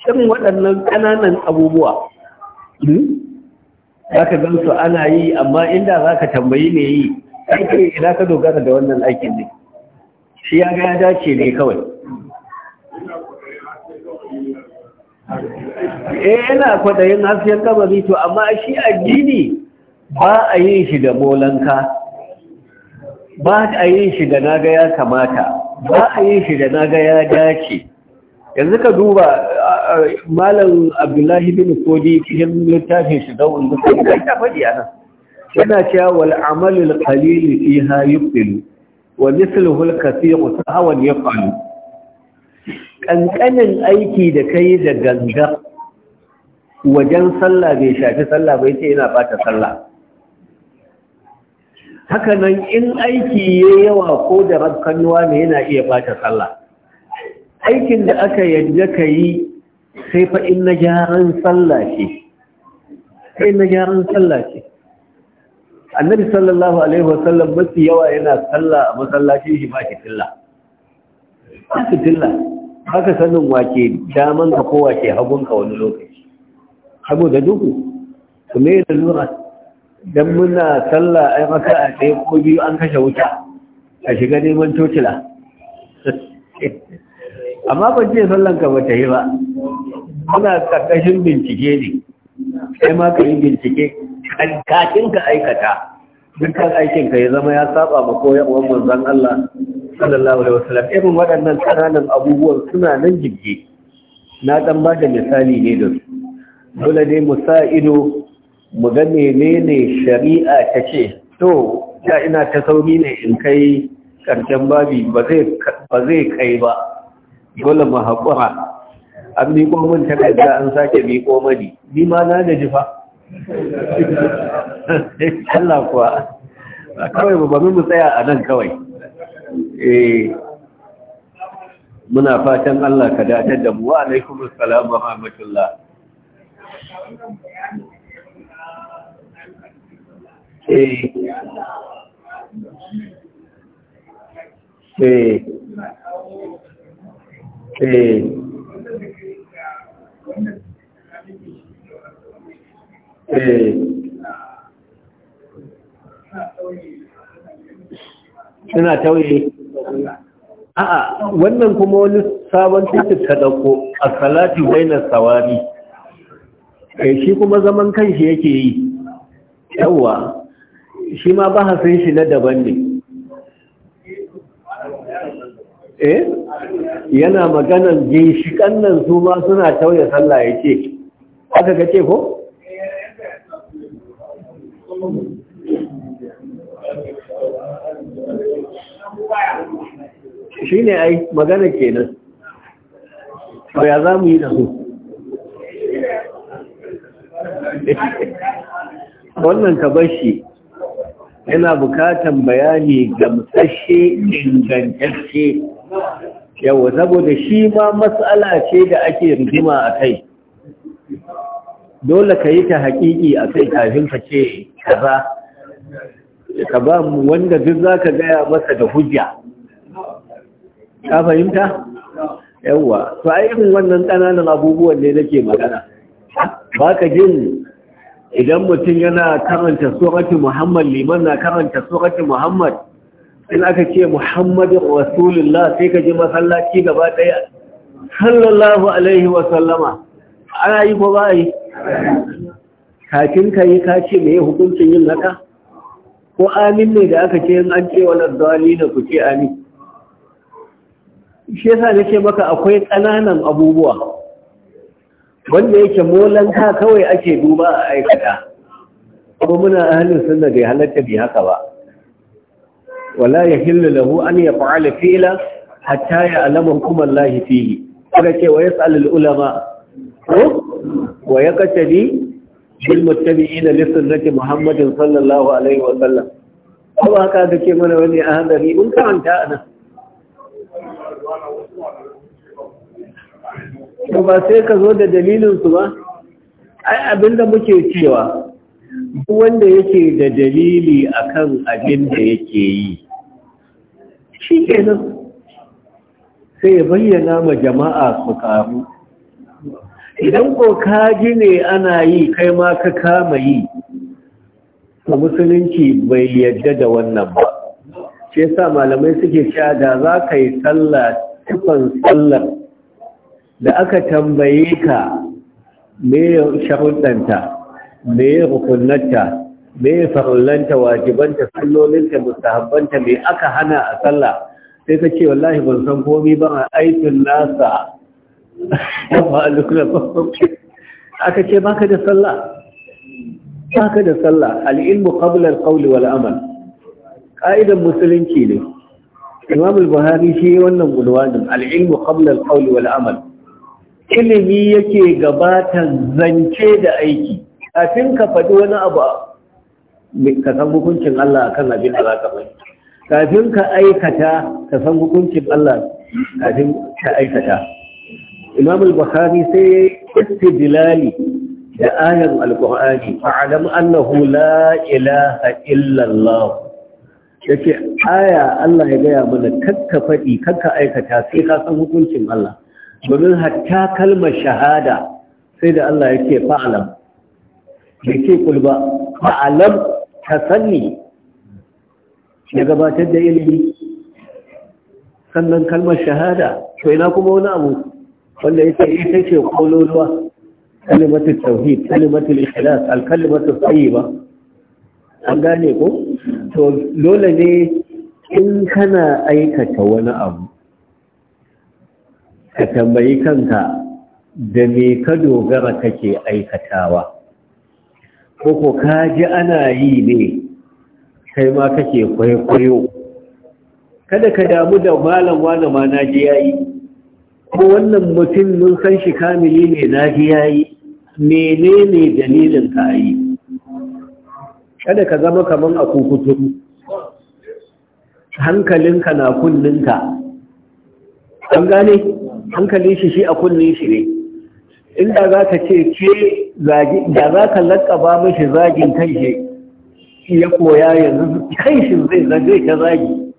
Shin waɗannan ƙananan abubuwa hmm? za ka gan su ana yi amma inda za ka tambayi ne yi aiki ina ka dogara da wannan aikin ne shi ya ga ya dace ne kawai eh yana kwadayin hasken kabari to amma shi addini ba a yin shi da molanka ba a yin shi da naga ya kamata ba a yin shi da naga ya dace yanzu ka duba malam abdullahi bin kodi cikin littafin shi da wanda ka yi ta faɗi a nan yana cewa wal amalul qalil fiha yubtilu wa mithluhu al kathir ya faru. kankanin aiki da kai da ganga wajen sallah bai shafi sallah bai ce yana bata sallah haka nan in aiki yayi yawa ko da rabkanuwa ne yana iya bata sallah aikin da aka yadda ka yi sai fa in na gyaran sallah ce sai na gyaran annabi sallallahu alaihi wasallam mafi yawa yana sallah a masallacin shi ba ki tilla ba ki tilla haka sanin wake daman ka kowa ke hagunka wani lokaci hagu da duhu su me da lura dan muna sallah yi maka a ɗaya ko biyu an kashe wuta a shiga neman tocila amma ban ce sallan ka ta yi ba muna karkashin bincike ne sai ma ka yi bincike kakin ka aikata dukkan aikin ka ya zama ya saba ma koyarwar manzan Allah sallallahu alaihi wasallam irin waɗannan ƙananan abubuwan suna nan jirge na dan ba da misali ne da su dole ne mu sa ido mu ga menene shari'a ta ce to ya ina ta sauri ne in kai karshen babi ba zai kai ba dole mu haƙura an miƙo min takarda an sake miƙo mani ni ma na gaji fa [laughs] Allah kuwa kawai ba bari mu tsaya a nan kawai eh. muna fatan Allah ka datar da mu wa alaikum assalam wa rahmatullah eh eh eh eh suna a'a wannan kuma wani sabon titi ta dauko a salatu bainar sawari eh shi kuma zaman kanshi yake yi yawa shi ma bahasin shi na daban ne eh yana maganan ginshikan nan su ma suna tauye sallah ya ce aka ga ce ko? shi ne ai magana kenan to ya za mu yi da su wannan ka bashi yana bukatan bayani gamsashe ingantacce yawa saboda shi ma matsala ce da ake rigima a kai dole ka yi ta haƙiƙi a kai kafin ka ce ka ba wanda duk za ka gaya masa da hujja ka fahimta? yauwa to a wannan ƙananan abubuwan ne nake magana ba ka jin idan mutum yana karanta surati muhammad liman na karanta surati muhammad in aka ce Muhammadu rasulullah sai ka ji masallaci gaba ɗaya. sallallahu alaihi wasallama ana yi ko ba yi kafin ka yi ka ce mai hukuncin yin haka ko amin ne da aka ce in an ce wa dali na ku ce amin shi yasa nake maka akwai ƙananan abubuwa wanda yake ka kawai ake duba a aikata kuma muna ahalin sunna bai halatta bi haka ba wala ya hillu lahu an ya fa'ala fi'la hatta ya'lama hukum Allah fihi kada ce wa yas'al al ulama ko wa yaqtadi bil muttabi'ina li sunnati Muhammadin sallallahu alaihi wa sallam ko haka da ke mana wani a in ka karanta ana ba sai ka zo da dalilin su ba ai abinda muke cewa duk wanda yake da dalili akan abin da yake yi shi kenan sai ya bayyana ma jama'a su karu idan ko ka ne ana yi kai ma ka kama yi to musulunci bai yadda da wannan ba shi yasa malamai suke cewa da za ka yi sallah tukan sallar da aka tambaye ka me sharuɗanta me ya hukunnanta me ya farullanta wajibanta sallolinta mustahabbanta me aka hana a sallah sai ka ce wallahi ban san komai ba a aikin nasa aka ce baka da sallah baka da sallah al-ilmu qabla al-qawli wal amal qa'idan musulunci ne imam al-buhari shi wannan gudwanin al-ilmu qabla al-qawli wal amal ilimi yake gabatar zance da aiki kafin ka faɗi wani abu ka san hukuncin Allah kan abin da za ka mai kafin ka aikata ka san hukuncin Allah kafin ka aikata Imam al-Bukhari sai istidlali da ayar al-Qur'ani fa'alam annahu la ilaha illa Allah yake aya Allah ya gaya mana kakka faɗi kakka aikata sai ka san hukuncin Allah domin hatta kalmar shahada sai da Allah yake fa'alam bai ce kulba ba fa'alam ta sanni ya gabatar da ilimi sannan kalmar shahada to ina kuma wani abu wanda yake ita ce kololuwa kalimatul tauhid kalimatul ikhlas al-kalimatul tayyiba an gane ko to dole ne in kana aikata wani abu ka tambayi kanka da me ka dogara kake aikatawa koko ka ji ana yi ne kai ma kake kwaikwayo kada ka damu da malam wani ma na ji yayi ko wannan mutum mun san shi kamili ne na ji yayi menene dalilin ka yi kada ka zama kaman a kukutu hankalinka na kunninka an gane hankalin shi shi a kunnin shi ne inda za ka ce ke zagi da za ka lakaba mashi zagin kanshi ya koya yanzu kanshi zai zage ta zagi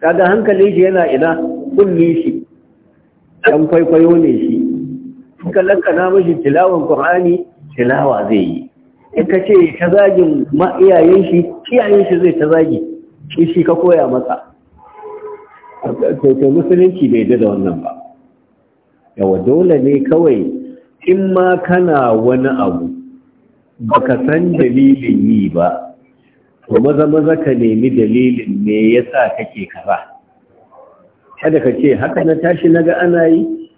kaga hankali shi yana ina kulli shi dan kwaikwayo ne shi in ka lakana mashi tilawan qur'ani tilawa zai yi in ka ce ta zagin ma iyayen shi iyayen shi zai ta zagi shi shi ka koya masa to musulunci bai da wannan ba yawa dole ne kawai in ma kana wani abu baka san dalilin yi ba to maza maza ka nemi dalilin ne yasa kake kaza kada ka ce haka na tashi naga ana yi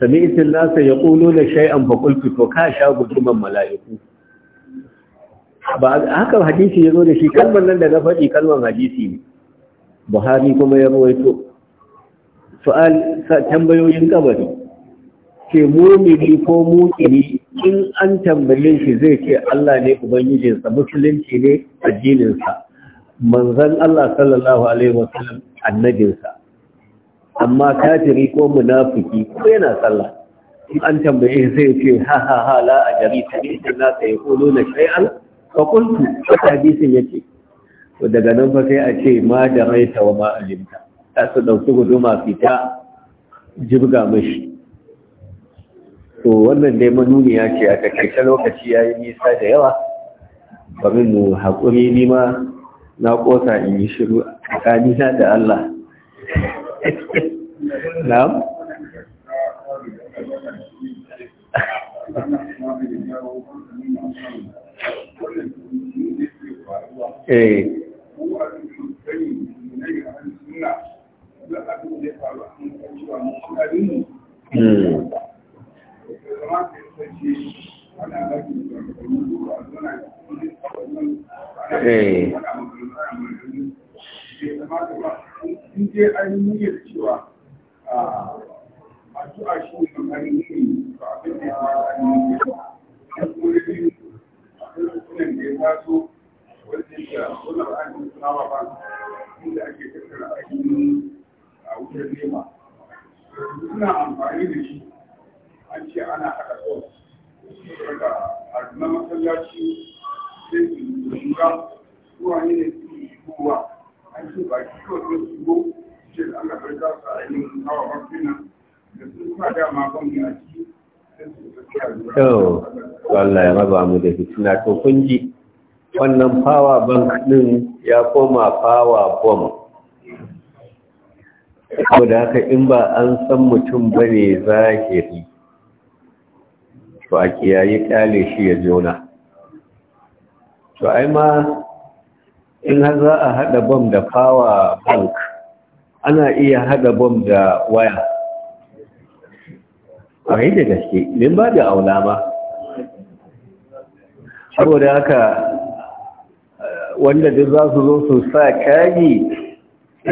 sami isin nasa ya ƙuno da shay'an fa to ka sha guduman mala'iku ba haka hadisi ya zo da shi kalmar nan da na faɗi kalmar hadisi ne buhari kuma ya rawaito su'al tambayoyin kabari ce mumini ko mukini in an tambaye shi zai ce Allah ne ubangijinsa musulunci ne addininsa manzon Allah sallallahu alaihi wasallam annabinsa amma kafiri ko munafiki ko yana sallah in an tambaye zai ce ha ha ha la ajari na sai kulo na shay'an fa qultu hadisin yace to daga nan fa sai a ce ma da raita wa ma alimta ta su dauki guduma fita jibga mashi to wannan dai ya ce a takaita lokaci ya yi nisa da yawa bari mu haƙuri nima na ƙosa in yi shiru tsakanina da Allah [laughs] na'am [laughs] eh. hmm. kamata ya sace ana mafi zarafin eh. a zana cikin wani da shi ne da da wani amfani da shi an ce ana haɗa sau daga na masallaci zai su shiga zuwa ne ne su kowa? an ce ba shi kawai su shigo ce da Allah bai za su a yin hawa mafinan da sun sa dama ban ya ci Yau, wallahi, ya raba mu da fitina to kun ji wannan power bank din ya koma power bomb saboda haka in ba an san mutum bane zahiri to a kiyaye kyale shi ya jona to ai ma in har za a hada bom da power bank ana iya hada bom da waya a yi da gaske min ba da aula ba saboda haka wanda duk za su zo su sa kyagi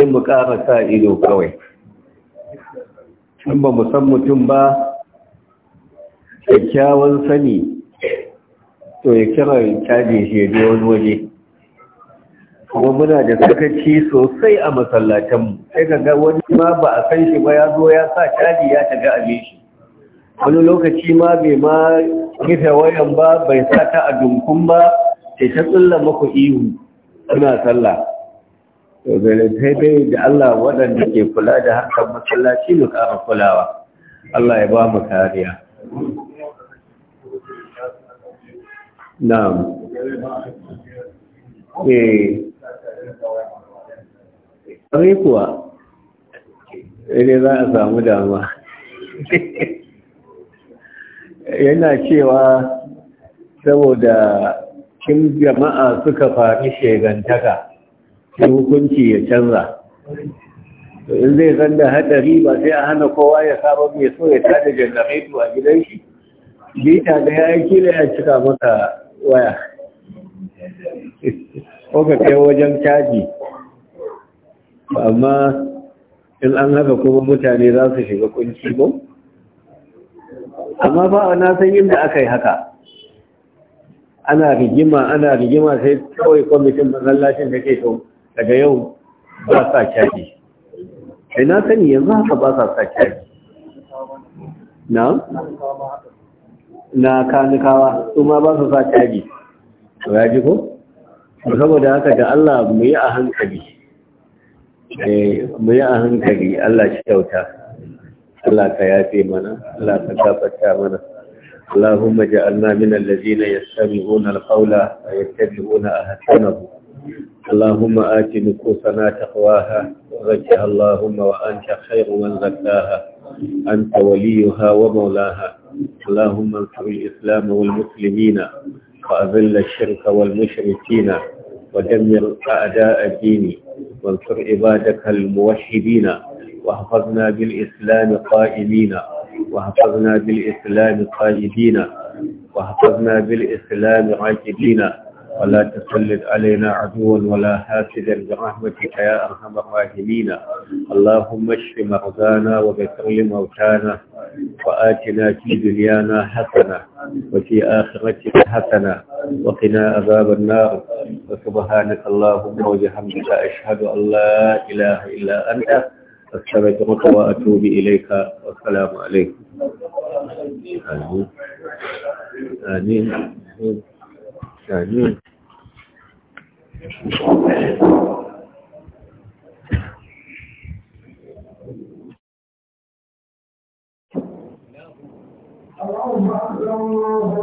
in mu ƙara sa ido kawai in ba mu san mutum ba kyakkyawan sani to ya kira caje shi ya je wani waje kuma muna da sakaci sosai a masallatanmu sai ka ga wani ma ba a san shi ba ya zo ya sa caji ya tafi abin shi wani lokaci ma bai ma rufe wayan ba bai sa ta a dunkun ba sai ta tsilla maku ihu suna sallah to sai dai da Allah waɗanda ke kula da harkar masallaci mu kara kulawa Allah ya ba mu kariya Eh. za [laughs] yana cewa saboda kin jama'a suka faɗi shegantaka sai hukunci ya canza in zai san da haɗari ba sai a hana kowa ya saba mai so ya tada jannafaitu a gidan shi bita da ya yi kila ya cika maka. waya ko ka kai wajen caji amma in an haka kuma mutane za su shiga kunci ba amma ba na san yin da aka yi haka ana rigima ana rigima sai kawai kwamitin masallacin da ke to daga yau ba sa caji sai na sani yanzu haka ba sa caji na? na kanukawa su ma ba su sa caji to ya ji ko saboda haka da Allah mu yi a hankali eh, mu yi a hankali Allah shi kyauta Allah ka yafe mana Allah ka gafarta mana اللهم اجعلنا من الذين يستمعون القول ويتبعون احسنه اللهم آت نفوسنا تقواها وزكها اللهم وانت خير من زكاها انت وليها ومولاها اللهم انصر الإسلام والمسلمين وأذل الشرك والمشركين ودمر أعداء الدين وانصر عبادك الموحدين واحفظنا بالإسلام قائمين واحفظنا بالإسلام قائدين واحفظنا بالإسلام عاجدين ولا تسلط علينا عدوا ولا حاسدا برحمتك يا ارحم الراحمين اللهم اشف مرضانا وبشر موتانا واتنا في دنيانا حسنه وفي اخرتنا حسنه وقنا عذاب النار وسبحانك اللهم وبحمدك اشهد ان لا اله الا انت استغفرك واتوب اليك والسلام عليكم امين امين امين اللهم اغفر الله